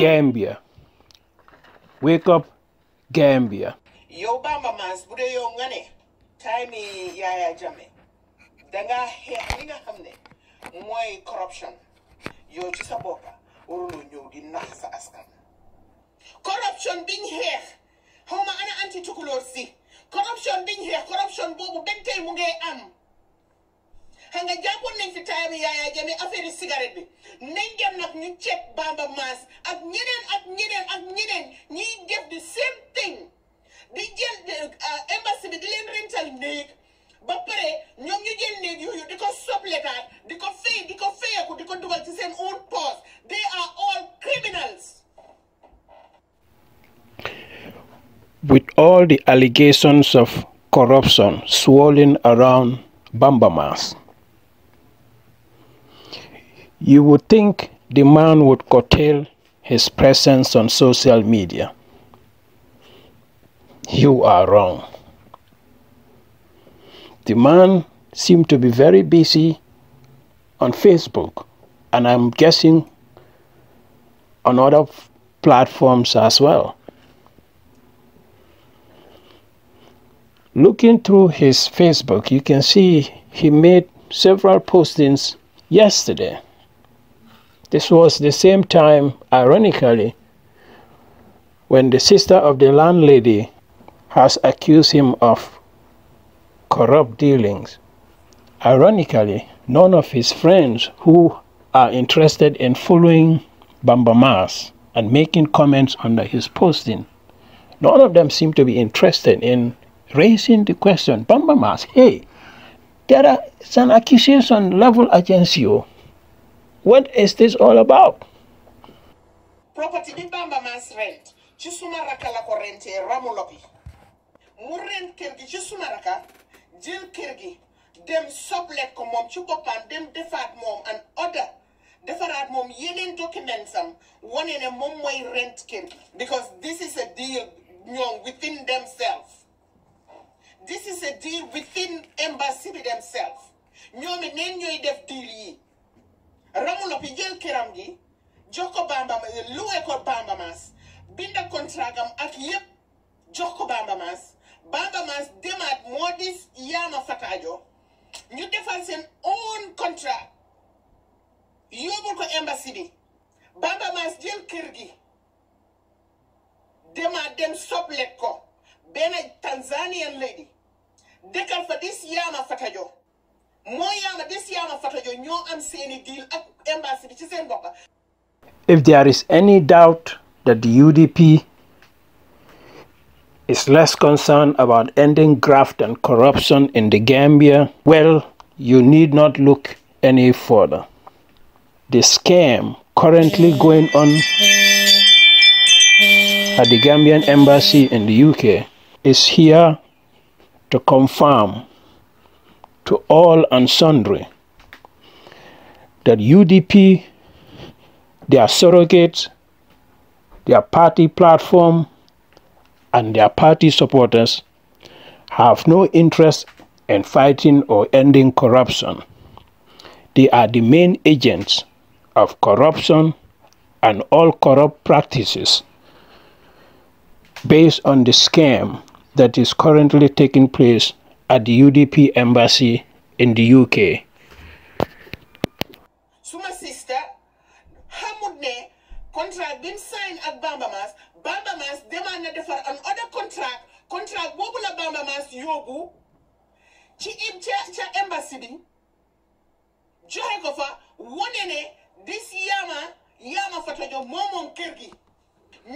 Gambia wake up Gambia. yow Bamba Mass bu dee yow nga time yi Yaya Jammeh dangaa xeex xam ne mooy corruption yow ci sa boppa waruloo ñëw di askan. corruption biñ xeex xaw ana anti tukulóor si corruption biñ xeex corruption boobu benn tey mu am. xam nga jàppoon nañ fi time Yaya Jammeh affaire cigarette bi nañ dem nag ñu ceeb Bamba Mass ak ñeneen ak ñeneen ak ñeneen ñiy def di same thing di jël euh, embassy bi di leen rental néeg ba pare ñoom ñu jël néeg yooyu di ko sobletaat di ko fay di ko fayeeku di ko dugal ci seen own poche they are all criminals With all the allegations of corruption swirling around Bamba Mass, You would think the man would curtail his presence on social media. You are wrong. The man seemed to be very busy on Facebook, and I'm guessing on other platforms as well. Looking through his Facebook, you can see he made several postings yesterday. This was the same time, ironically, when the sister of the landlady has accused him of corrupt dealings. Ironically, none of his friends who are interested in following Bambamas and making comments under his posting, none of them seem to be interested in raising the question, Bambamas, hey, there is an accusation level against you What is this all about? Property bi Bamba Mass rent ci suma rakka la ko rentee ramu lobi mu rent kër gi ci suma rakka jël kër gi dem soblet ko moom ci boppam dem defaat moom an order defaraat moom yeneen documents am wane ne moom mooy rent kër gi because this is a deal ñoom within themselves this is a deal within embassy bi themselves ñoom it neen ñooy def deal yi ramu noppi jël këram gi jox ko Bamba luwee ko Bamba Mass binda contrat am ak yépp jox ko Bamba Mass Bamba Mass demaat moo Yaama Fataajo ñu defal seen own contrat yóbbul ko embassy bi Bamba Mass jël kër gi demaat dem soblet ko benn Tanzanian lady dëkkal fa Yaama Fataajo If there is any doubt that the UDP is less concerned about ending graft and corruption in the Gambia, well, you need not look any further. The scam currently going on at the Gambian embassy in the UK is here to confirm to all UDP, their surrogates, their party platform, and their party supporters have no interest in fighting or ending corruption. They are the main agents of corruption and all corrupt practices based on the scam that is currently taking place at the UDP embassy in the UK. suma sister xamut ne contrat bi mu sign ak Bambamas Bambamas demaat na defar an other contract contract boobu la Bambamas yóbbu ci im ca ca embassy bi joxe ko fa wane ne dis yaama yaama Fatajo moom moom kër gi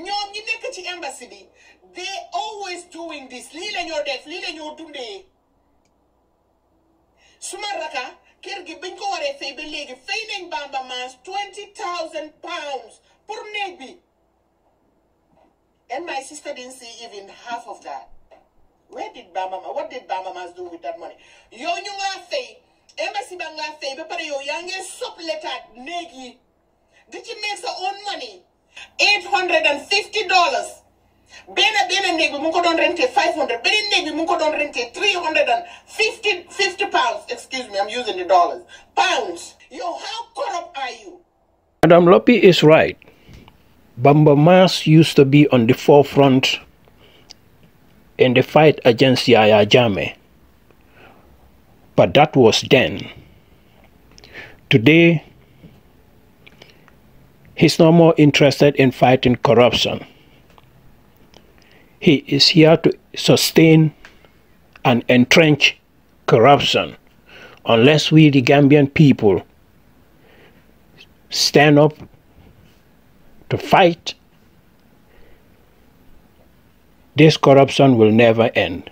ñoom ñi nekk ci embassy bi they always doing this lii la ñoo def lii la ñoo dundee. suma raka kër gi biñ ko waree fay ba léegi fay nañ Bamba Mass twenty thousand pounds pour néeg bi and my sister didn't see even half of that where did Bamba Mass what did Bamba Mass do with that money yow ñu ngaa embassy ba ngaa fay ba pare yow yaa ngee sopp letaat néeg yi di ci make sa own money eight hundred and fifty dollars benn benn néeg bi mu ngi ko doon rentee five hundred beneen néeg bi mu ngi ko doon hundred and fifty fifty pounds excuse me I'm using the dollars pounds. yo how corrupt are you. Madam Lopi is right. Bamba Mass used to on the forefront in the fight against Yaya Jame. But that was then. Today, he's no more interested in fighting corruption. He is here to sustain and entrench corruption unless we, the Gambian people, stand up to fight. This corruption will never end.